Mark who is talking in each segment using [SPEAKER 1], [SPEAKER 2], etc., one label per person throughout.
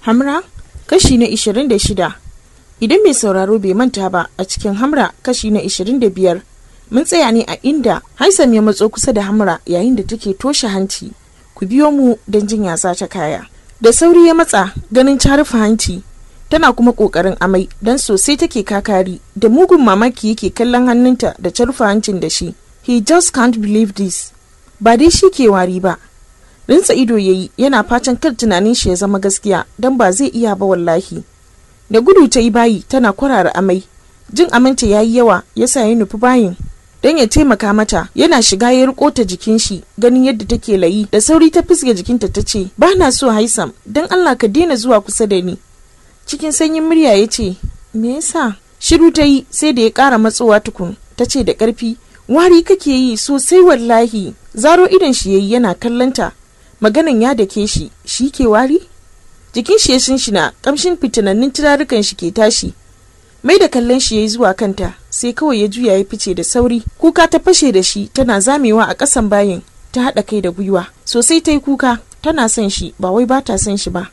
[SPEAKER 1] Hamra kashi na 26 Idan mai sauraro bai manta ba a cikin Hamra kashi na 25 mun tsaya ne a inda Haisam ya matso kusa da Hamra yayin da take toshe hanci. Ku biyo mu don jin yasa ta kaya. Da sauri ya matsa ganin ta rufe hanci tana kuma kokarin amai don sosai take kakari da mugun mamaki yake kallon hannunta da ta rufe hancin da shi. He just can't believe this. Ba dai shi ke wari ba, rinsa ido ya yi yana fatan kar tunanin shi ya zama gaskiya don ba zai iya ba wallahi da gudu ta yi bayi tana kwarara amai jin aminta ya yi yawa ya sa ya nufi bayin don ya taimaka mata yana shiga ya riko ta jikin shi ganin yadda take layi da sauri ta fisge jikinta ta ce ba na so haisam don allah ka daina zuwa kusa da ni cikin sanyin murya ya ce me yasa shiru ta yi sai da ya kara matsowa tukun ta ce da karfi wari kake yi sosai wallahi zaro idon shi yayi yana kallonta maganan ya dake shi shi ke wari jikin shi ya shinshina kamshin fitinannin turarukan shi ke tashi mai da kallon shi ya yi zuwa kanta sai kawai ya juya ya fice da sauri kuka ta fashe da shi tana zamewa a ƙasan bayan ta haɗa kai da gwiwa sosai ta yi kuka tana son shi ba wai ba ta son shi ba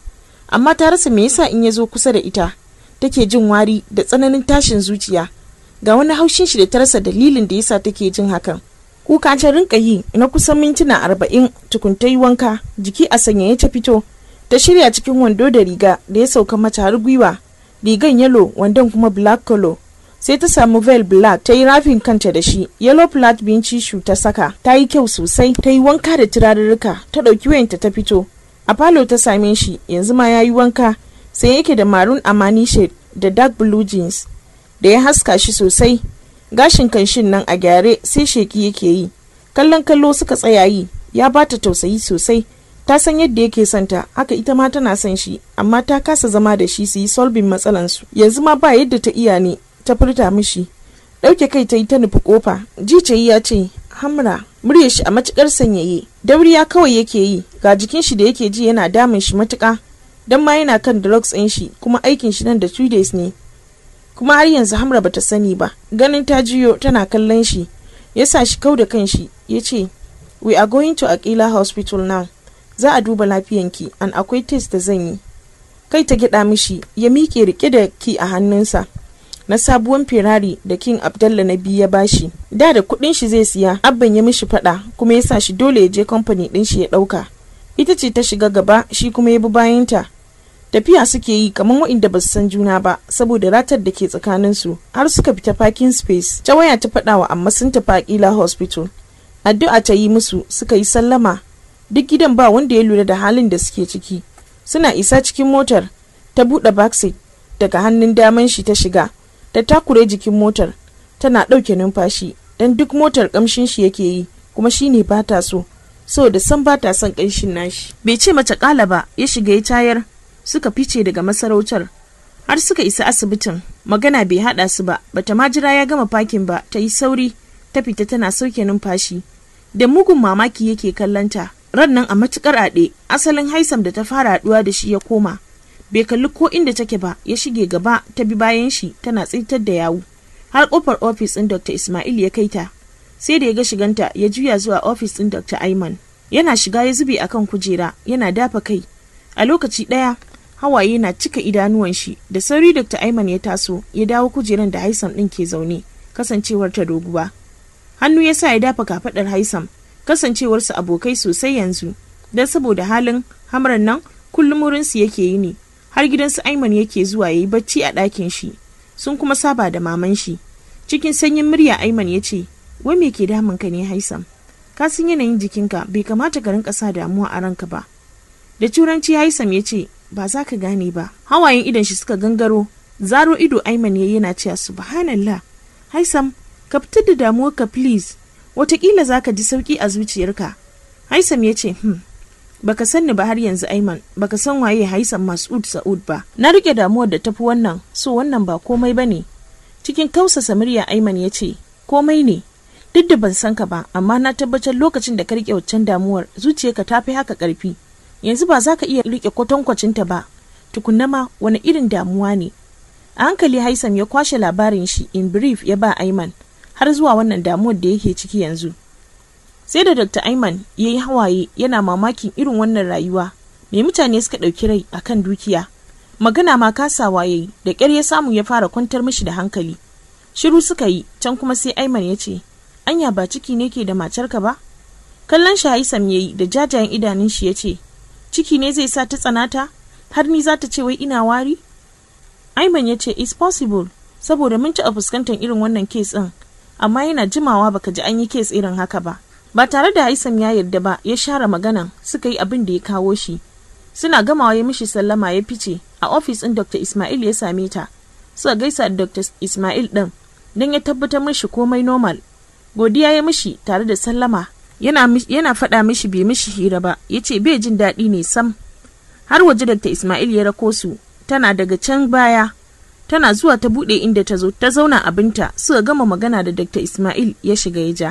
[SPEAKER 1] amma ta rasa me yasa in ya zo kusa da ita take jin wari da tsananin tashin zuciya ga wani haushin shi da ta rasa dalilin da yasa take jin hakan kuka ta rinka yi na kusan mintuna arba'in tukun ta yi wanka jiki a sanya ya ta fito ta shirya cikin wando da riga da ya sauka mata har gwiwa rigan yalo wandon kuma black color sai ta samu vel black ta yi rafin kanta da shi yellow flat binci shu ta saka ta yi kyau sosai ta yi wanka da turarurruka ta ɗauki wayanta ta fito a falo ta same shi yanzu ma ya yi wanka sai yake da maroon amani shade da dark blue jeans da ya haska shi sosai gashin kanshin nan a gyare sai sheki yake yi kallon kallo suka tsaya yi ya ba ta tausayi sosai ta san yadda yake son haka ita ma tana son shi amma ta kasa zama da shi su yi solbin matsalansu yanzu ma ba yadda ta iya ne ta furta mishi ɗauke kai ta yi ta nufi kofa jicayi ya ce hamra murya shi a matukar sanyaye dauriya kawai yake yi ga jikin shi da yake ji yana damun shi matuka don ma yana kan drugs ɗin shi kuma aikin shi nan da two days ne kuma har yanzu hamra bata sani ba ganin ta jiyo tana kallon shi ya sa shi kau da kanshi ya ce we are going to akila hospital now za a duba lafiyanki an akwai test da zan yi kai ta gida mishi ya miƙe rike da ki a hannunsa na sabuwan firari da King Abdallah na biyu ya bashi. Da da kuɗin shi zai siya, abban ya mishi faɗa kuma ya sa shi dole ya je kamfani ɗin shi ya ɗauka. Ita ce ta shiga gaba shi kuma ya bi bayanta. tafiya suke yi kamar wa'inda ba su san juna ba saboda ratar da ke tsakaninsu har suka fita parking space ta waya ta faɗa wa amma sun tafi aƙila hospital addu'a ta yi musu suka yi sallama duk gidan ba wanda ya lura da halin da suke ciki suna isa cikin motar ta buɗe backseat daga hannun daman shi ta shiga ta takure jikin motar tana ɗauke numfashi don duk motar ƙamshin shi yake yi kuma shine ba ta so saboda san bata son ƙanshin nashi bai ce mace ƙala ba ya shiga ya tayar suka fice daga masarautar har suka isa asibitin magana bai hada su ba bata ma jira ya gama fakin ba ta yi sauri ta fita tana sauke numfashi da mugun mamaki yake kallanta ran nan a matukar aɗe asalin haisam da ta fara haɗuwa da shi ya koma bai kalli ko inda take ba ya shige gaba ta bi bayan shi tana tsintar da yawu har kofar ofis ɗin dr ismail ya kai ta sai da ya ga shiganta ya juya zuwa ofis ɗin dr aiman yana shiga ya zube akan kujera yana dafa kai a lokaci ɗaya hawaye na cika idanuwan shi da sauri dr aiman ya taso ya dawo kujeran da haisam din ke zaune kasancewar ta doguwa hannu ya sa ya dafa kafaɗar haisam kasancewarsu abokai sosai yanzu don saboda halin hamran nan kullum su yake yi ne har gidan gidansu aiman yake zuwa ya yi bacci a ɗakin shi sun kuma saba da maman shi cikin sanyin murya aiman ya ce wai me ke damun ka ne haisam ka san yanayin jikinka bai kamata ka rinka sa damuwa a ranka ba da turanci haisam ya ce ba za ka gane ba hawayen idon shi suka gangaro zaro ido aiman ya yana cewa subhanallah haisam ka fitar da damuwar ka please watakila za ka ji sauki a zuciyarka haisam ya ce hmm. baka sanni ba har yanzu aiman baka san waye haisam mas'ud sa'ud ba na rike damuwar da tafi wannan so wannan ba komai ba ne cikin kausasa murya aiman ya ce komai ne duk da ban san ka ba amma na tabbatar lokacin da ka rike waccan damuwar zuciyarka ta fi haka karfi yanzu ba za ka iya riƙe ta ba tukunna ma wani irin damuwa ne a hankali haisam ya kwashe labarin shi in brief ya ba aiman har zuwa wannan damuwar da yake ciki yanzu sai da dr aiman ya yi hawaye yana mamakin irin wannan rayuwa mai mutane suka ɗauki rai akan dukiya magana ma kasawa ya yi da ƙyar ya samu ya fara kwantar mishi da hankali shiru suka yi can kuma sai aiman ya ce anya ba ciki ne ke da macarka ba kallon shi haisam ya yi da jajayen idanun shi ya ce ciki ne zai sa ta tsanata har ni za ta ce wai ina wari aiman ya ce is possible saboda mun ci taɓa fuskantar irin wannan kes ɗin amma yana jimawa baka ji an yi kes irin haka ba ba tare da haisam ya yarda ba ya share maganan suka yi abin da ya kawo shi suna gamawa ya mishi sallama ya fice a ofis ɗin dr ismail ya same ta suka gaisa da dr ismail ɗin don ya tabbatar mishi komai normal godiya ya mishi tare da sallama yana faɗa mishi bai mishi hira ba ya ce bai jin daɗi ne sam har waje dakta ismail ya rako su tana daga can baya tana zuwa ta buɗe inda ta zo ta zauna abinta suka gama magana da dakta ismail ya shiga ya ja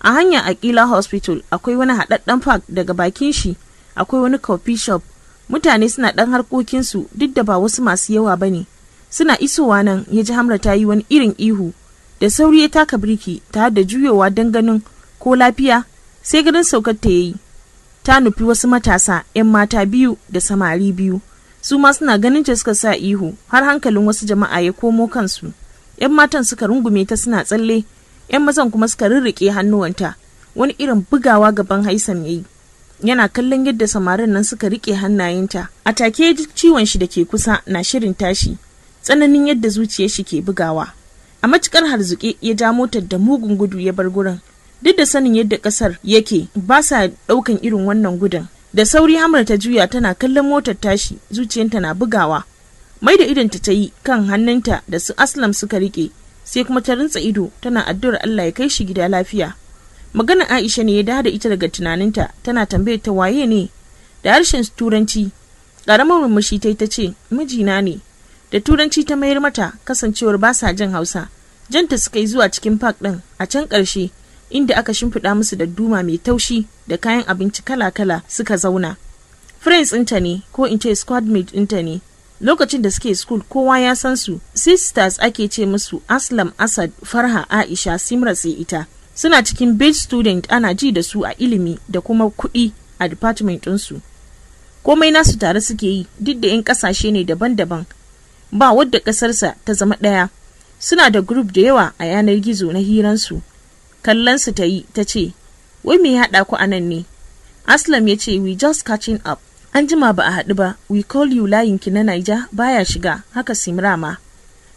[SPEAKER 1] a hanya aƙila hospital akwai wani haɗaɗɗen park daga bakin shi akwai wani coffee shop mutane suna ɗan harkokinsu duk da ba wasu masu yawa ba ne suna isowa nan ya ji hamra ta yi wani irin ihu da sauri ya taka birki tare da juyowa don ganin ko lafiya sai garin saukar ta yayi ta nufi wasu matasa 'yan mata biyu da samari biyu su ma suna ganin ta suka sa ihu har hankalin wasu jama'a ya komo kansu 'yan matan suka rungume ta suna tsalle 'yan mazan kuma suka rirriƙe hannuwanta wani irin bugawa gaban haisan yayi yana kallon yadda samarin nan suka riƙe hannayenta a take duk ciwon shi da ke kusa na shirin tashi tsananin yadda zuciyar shi ke bugawa a matukar harzuke ya ja motar da mugun gudu ya bar gurin duk da sanin yadda ƙasar yake ba sa ɗaukan irin wannan gudun da sauri hamar ta juya tana kallon motar tashi zuciyanta na bugawa mai da idonta ta yi kan hannunta da su aslam suka rike sai kuma ta rintsa ido tana addu'ar allah ya kai shi gida lafiya magana aisha ne ya da ita daga tunaninta tana tambayar ta waye ne da harshen turanci ƙaramar murmushi ta ta ce mijina ne da turanci ta mayar mata kasancewar ba sa jin hausa janta suka yi zuwa cikin park ɗin a can karshe inda aka shimfiɗa musu da duma mai taushi da kayan abinci kala-kala suka zauna. Friends ɗinta ne ko in ce mate ɗinta ne. Lokacin da suke school kowa ya san su, sisters ake ce musu Aslam Asad Farha Aisha Simra sai ita. Suna cikin big student ana ji da su a ilimi da kuma kuɗi a department ɗinsu. Komai nasu tare suke yi duk da 'yan ƙasashe ne daban-daban. Ba wadda ƙasarsa ta zama ɗaya. Suna da group da yawa a yanar gizo na hiransu. su. Kallon su ta yi ta ce wai me ya haɗa ku anan ne aslam ya ce we just catching up an jima ba a haɗu ba we call you ki na naija baya shiga haka simra ma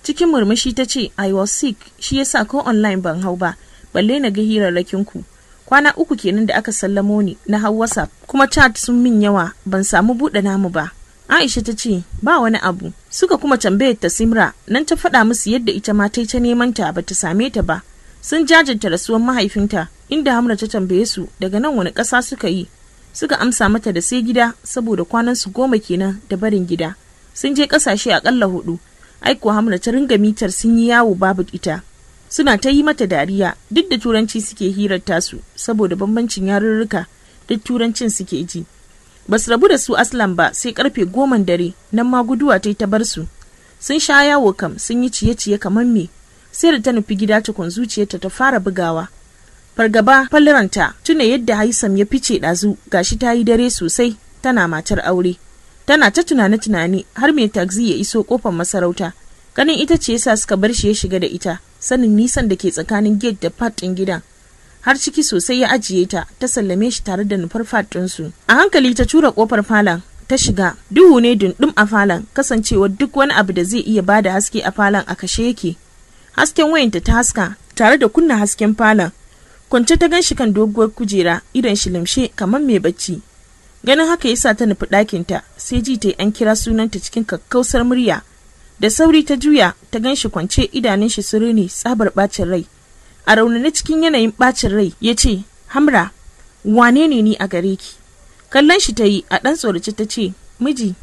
[SPEAKER 1] cikin murmushi ta ce i was sick shi yasa ko online ban hau ba balle na ga hirarrakin ku kwana uku kenan da aka sallamo ni na hau whatsapp kuma chat sun min yawa ban samu buɗe namu ba aisha ta ce ba wani abu suka kuma tambayar ta simra nan ta faɗa musu yadda ita ma ta yi ta neman ta ba ta same ta ba sun jajanta rasuwar mahaifinta inda hamra ta tambaye su daga nan wani ƙasa suka yi suka amsa mata da sai gida saboda kwanan su goma kenan da barin gida sun je ƙasashe aƙalla hudu aiko hamra ta ringa mitar sun yi yawo babu ita suna ta yi mata dariya duk da turanci suke hirar tasu saboda bambancin yarurruka duk turancin suke ji ba su rabu da su aslan ba sai karfe goman dare nan ma guduwa ta yi ta bar su sun sha yawo kam sun yi ciye-ciye kamar me sai da ta nufi gida tukun zuciyarta ta fara bugawa fargaba falliranta tuna yadda haisam ya fice ɗazu gashi ta yi dare sosai tana matar aure tana ta tunane-tunane har mai taxi ya iso kofar masarauta ganin ita ce yasa suka bar shi ya shiga da ita sanin nisan da ke tsakanin gate da fat ɗin gidan har ciki sosai ya ajiye ta ta sallame shi tare da nufar fat ɗinsu a hankali ta tura kofar falon ta shiga duhu ne dundum a falon kasancewar duk wani abu da zai iya bada haske a falon a kashe yake hasken wayanta ta haska tare da kunna hasken falon kwance ta gan shi kan doguwar kujera idan shi limshe kamar mai bacci ganin haka yasa ta nufi ta sai ji ta yi an kira sunanta cikin kakkausar murya da sauri ta juya ta gan shi kwance idanun shi su rini tsabar bacin rai a raunane cikin yanayin bacin rai ya ce hamra wane ne ni a gare ki kallon shi ta yi a ɗan tsorace ta ce miji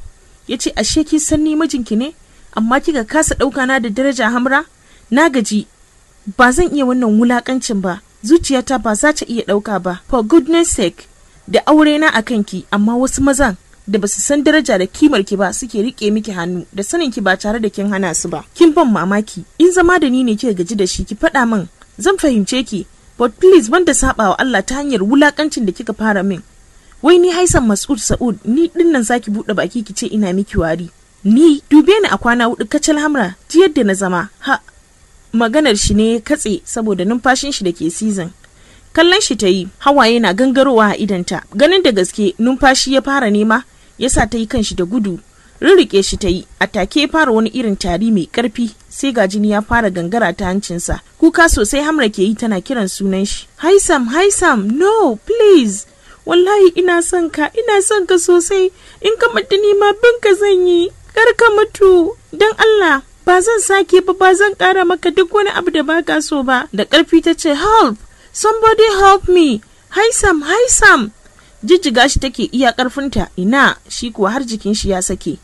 [SPEAKER 1] ya ce ashe kin san ni mijinki ne amma kika kasa ɗauka na da daraja hamra na gaji ba zan iya wannan wulakancin ba zuciyata ba za ta iya ɗauka ba for goodness sake da aure na a kanki amma wasu mazan da basu san daraja da kimar ki ba suke rike miki hannu da sanin ki ba tare da kin hana su ba kin ban mamaki in zama da ni ne kika gaji da shi ki faɗa min zan fahimce ki but please banda saba wa Allah ta hanyar wulakancin da kika fara min wai ni haisan Mas'ud Sa'ud ni nan zaki buɗe baki ki ce ina miki wari ni dube ni a kwana hudu kacal hamra ji yadda na zama ha maganar shi ne katse saboda numfashin shi da ke season kallon shi ta yi hawaye na gangarowa a idanta ganin da gaske numfashi ya fara nema ya sa ta yi kanshi da gudu rirrike shi ta yi a take fara wani irin tari mai karfi sai ga jini ya fara gangara ta hancinsa kuka sosai hamra ke yi tana kiran sunan shi haisam haisam no please wallahi ina son ka ina son ka sosai in ka mutu ni ma bin ka zan yi kar ka mutu don allah ba zan sake ba ba zan kara maka duk wani abu da baka so ba da karfi ta ce help somebody help me haisam haisam jijjiga shi take iya ƙarfinta ina shi kuwa har jikin shi ya sake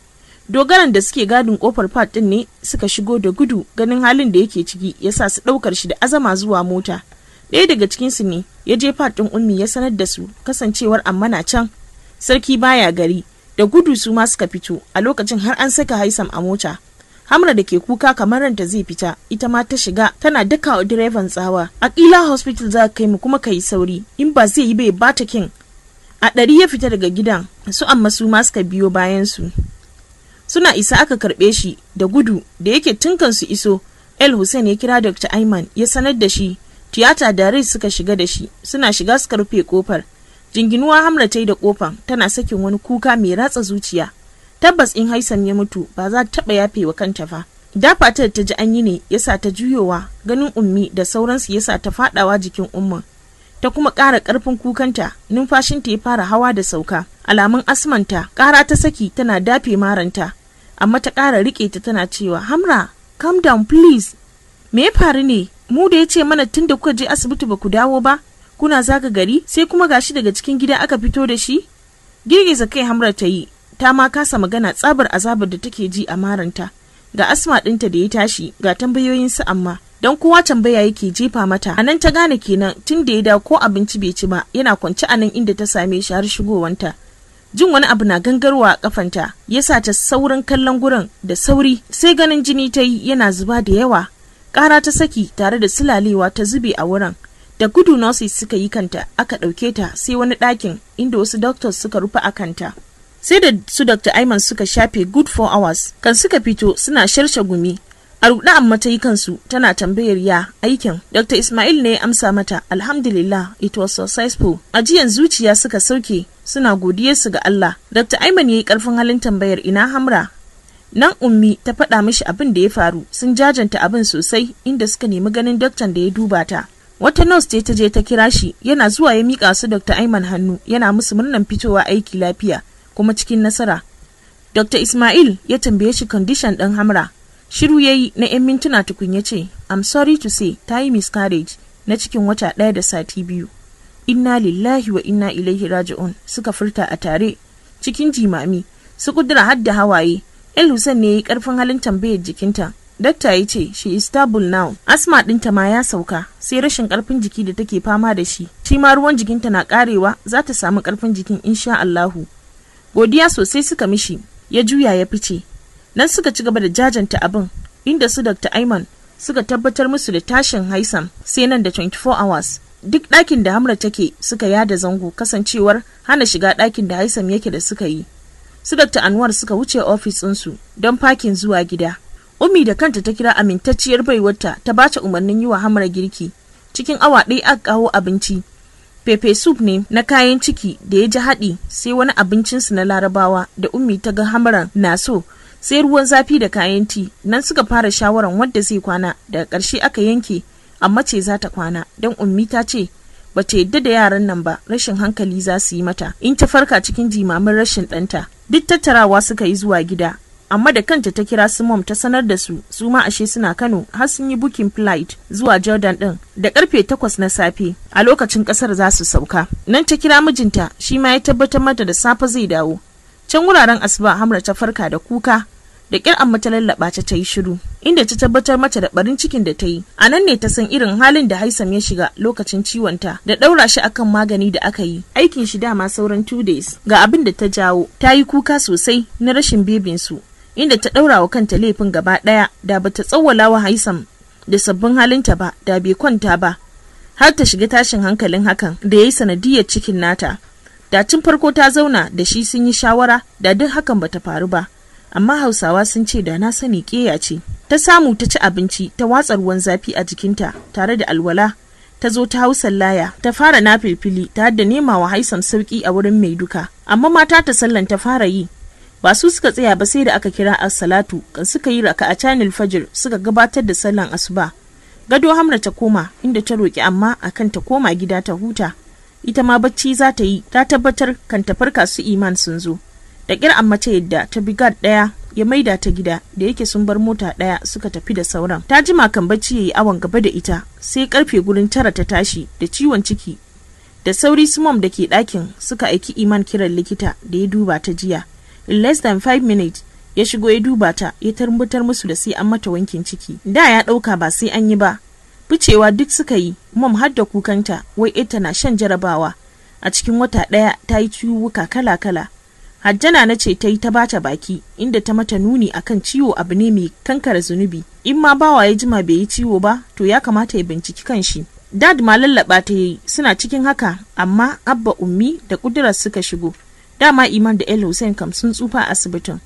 [SPEAKER 1] dogaran da suke gadin kofar fat din ne suka shigo da gudu ganin halin da yake ciki ya sa su ɗaukar shi da azama zuwa mota ɗaya daga cikinsu ne ya je fat ɗin ummi ya sanar da su kasancewar amma can sarki baya gari da gudu su ma suka fito a lokacin har an saka haisam a mota Hamra da ke kuka kamar ranta zai fita ita ma ta shiga tana duka wa direban tsawa. a kila hospital za ka kai mu kuma ka yi sauri in ba zai yi bai bata kin. A ɗari ya fita daga gidan su amma su ma suka biyo bayan su. Suna isa aka karɓe shi da gudu da yake tunkan su iso. El Hussein ya kira Dr. Ayman ya sanar da shi tiyata da rai suka shiga da shi suna shiga suka rufe kofar. Jinginuwa Hamra ta yi da kofar tana sakin wani kuka mai ratsa zuciya. tabbas in haisan ya mutu ba za ta taɓa yafe wa kanta ba dafa ta ta ji an yi ne yasa ta juyowa ganin ummi da sauransu yasa ta faɗawa jikin umman ta kuma ƙara ƙarfin kukanta numfashinta ya fara hawa da sauka alamun asmanta ƙara ta saki tana dafe maranta amma ta ƙara riƙe ta tana cewa hamra calm down please me ya faru ne mu da ya ce mana tun da kuka je asibiti ba ku dawo ba kuna zaga gari sai kuma gashi daga cikin gida aka fito da shi girgiza kai hamra ta yi ta ma kasa magana tsabar azabar da take ji a maranta ga asma ɗinta da ya tashi ga tambayoyin su amma don kowa tambaya yake jefa mata a nan ta gane kenan tun da ya da ko abinci bai ci ba yana kwance a nan inda ta same shi har shigowanta jin wani abu na gangarwa a kafanta ya sa ta saurin kallon gurin da sauri sai ganin jini ta yi yana zuba da yawa ƙara ta saki tare da sulalewa ta zube a wurin da gudu nurses suka yi kanta aka ɗauke ta sai wani ɗakin inda wasu doctors suka rufe a kanta sai da su dr aiman suka shafe good four hours kan suka fito suna sharshe gumi a ruɗe amma ta yi kansu tana tambayar ya aikin dr ismail ne ya amsa mata alhamdulillah it was successful ajiyan zuciya suka sauke suna godiya su ga allah dr aiman ya yi karfin halin tambayar ina hamra nan ummi ta faɗa mishi abin da ya faru sun jajanta abin sosai inda suka nemi ganin daktan da ya duba ta wata nurse ce ta je ta kira shi yana zuwa ya mika su dr aiman hannu yana musu murnan fitowa aiki lafiya kuma cikin nasara dr ismail ya tambaye shi kondishan ɗin hamra shiru ya yi na 'yan mintuna tukun ya ce i'm sorry to say ta yi miscarriage na cikin wata ɗaya da sati biyu inna lillahi wa inna ilaihi raji'un suka furta a tare cikin jimami su kudura har hawaye el hussein ne ya yi ƙarfin halin tambayar jikinta dakta ya ce she is stable now asma ɗinta ma ya sauka sai rashin ƙarfin jiki da take fama da shi shi ma ruwan jikinta na ƙarewa, za ta samu ƙarfin jikin insha allahu godiya sosai suka mishi ya juya ya fice nan suka ci gaba da jajanta abin inda su dr aiman suka tabbatar musu da tashin haisan sai nan da 24 hours duk ɗakin da hamra take suka yada zango kasancewar hana shiga ɗakin da haisan yake da suka yi su dr anwar suka wuce ofis ɗinsu don fakin zuwa gida Umi da kanta ta kira amintacciyar baiwarta ta bace umarnin yi wa Hamra girki. Cikin awa ɗaya aka kawo abinci pepe soup ne na kayan ciki da ya ji haɗi sai wani abincinsu na larabawa da ummi ta ga hamaran na so sai ruwan zafi da kayan ti nan suka fara shawaran wadda zai kwana daga ƙarshe aka yanke amma ce za ta kwana don ummi ta ce ba ta yadda da yaran nan ba rashin hankali za su yi mata in ta farka cikin jimamin rashin ɗanta duk tattarawa suka yi zuwa gida amma da kanta ta kira su mom ta sanar da su su ma ashe suna Kano har sun yi booking flight zuwa Jordan din da karfe 8 na safe a lokacin kasar za su sauka nan ta kira mijinta shi ma ya tabbatar mata da safe zai dawo can wuraren asuba Hamra ta farka da kuka da kyar amma ta lallaba ta ta yi shiru inda ta tabbatar mata da barin cikin da ta yi a nan ne ta san irin halin da haisam ya shiga lokacin ciwon ta da daura shi akan magani da aka yi aikin shi dama sauran 2 days ga abin da ta jawo ta yi kuka sosai na rashin bebin su inda ta ɗaura wa kanta laifin gaba ɗaya da ba ta tsawwala wa Haisam da sabbin halinta ba da bai kwanta ba har ta shiga tashin hankalin hakan da ya yi sanadiyar cikin nata da tun farko ta zauna da shi sun yi shawara da duk hakan ba ta faru ba amma hausawa sun ce da na sani keya ce ta samu ta ci abinci ta watsa ruwan zafi a jikinta tare da alwala ta zo ta hau laya, ta fara na filfili ta da nema wa haisam sauki a wurin mai duka amma mata ta sallan ta fara yi ba su suka tsaya ba sai da aka kira a salatu kan suka yi raka a canil fajir suka gabatar da sallan asuba gado hamra ta koma inda ta roki amma akan ta koma gida ta huta ita ma bacci za ta yi ta tabbatar kan ta farka su iman sun zo da kyar amma ta yadda ta bi gad daya ya maida ta gida da yake sun bar mota ɗaya suka tafi da sauran ta jima kan bacci yayi awon gaba da ita sai karfe gurin tara ta tashi da ciwon ciki da sauri sumom da ke ɗakin suka aiki iman kiran likita da ya duba ta jiya in less than five minutes ya shigo ya duba ta ya tarbutar musu da sai an mata wankin ciki da ya ɗauka ba sai an yi ba ficewa duk suka yi mom har da kukanta wai ita na shan jarabawa a cikin wata ɗaya ta yi ciwuka kala-kala hajjana na ce ta yi ta bata baki inda ta mata nuni akan ciwo abu ne mai kankara zunubi in ma bawa ya jima bai yi ciwo ba to ya kamata ya binciki kan shi. dad ma lallaba ta yi suna cikin haka amma abba ummi da kudura suka shigo dama iman da el hussein kam sun tsufa a asibitin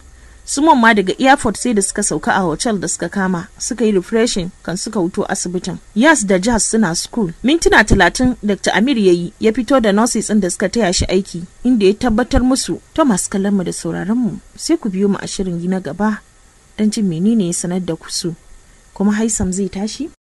[SPEAKER 1] su ma daga airport sai da suka sauka a hotel da suka kama suka yi refreshing kan suka wuto asibitin yas da jazz suna school mintuna talatin dr amir ya yi ya fito da nurses ɗin da suka taya shi aiki inda ya tabbatar musu thomas mu da sauraron mu sai ku biyo mu a shirin gina gaba don jin menene ya sanar da ku kuma haisam zai tashi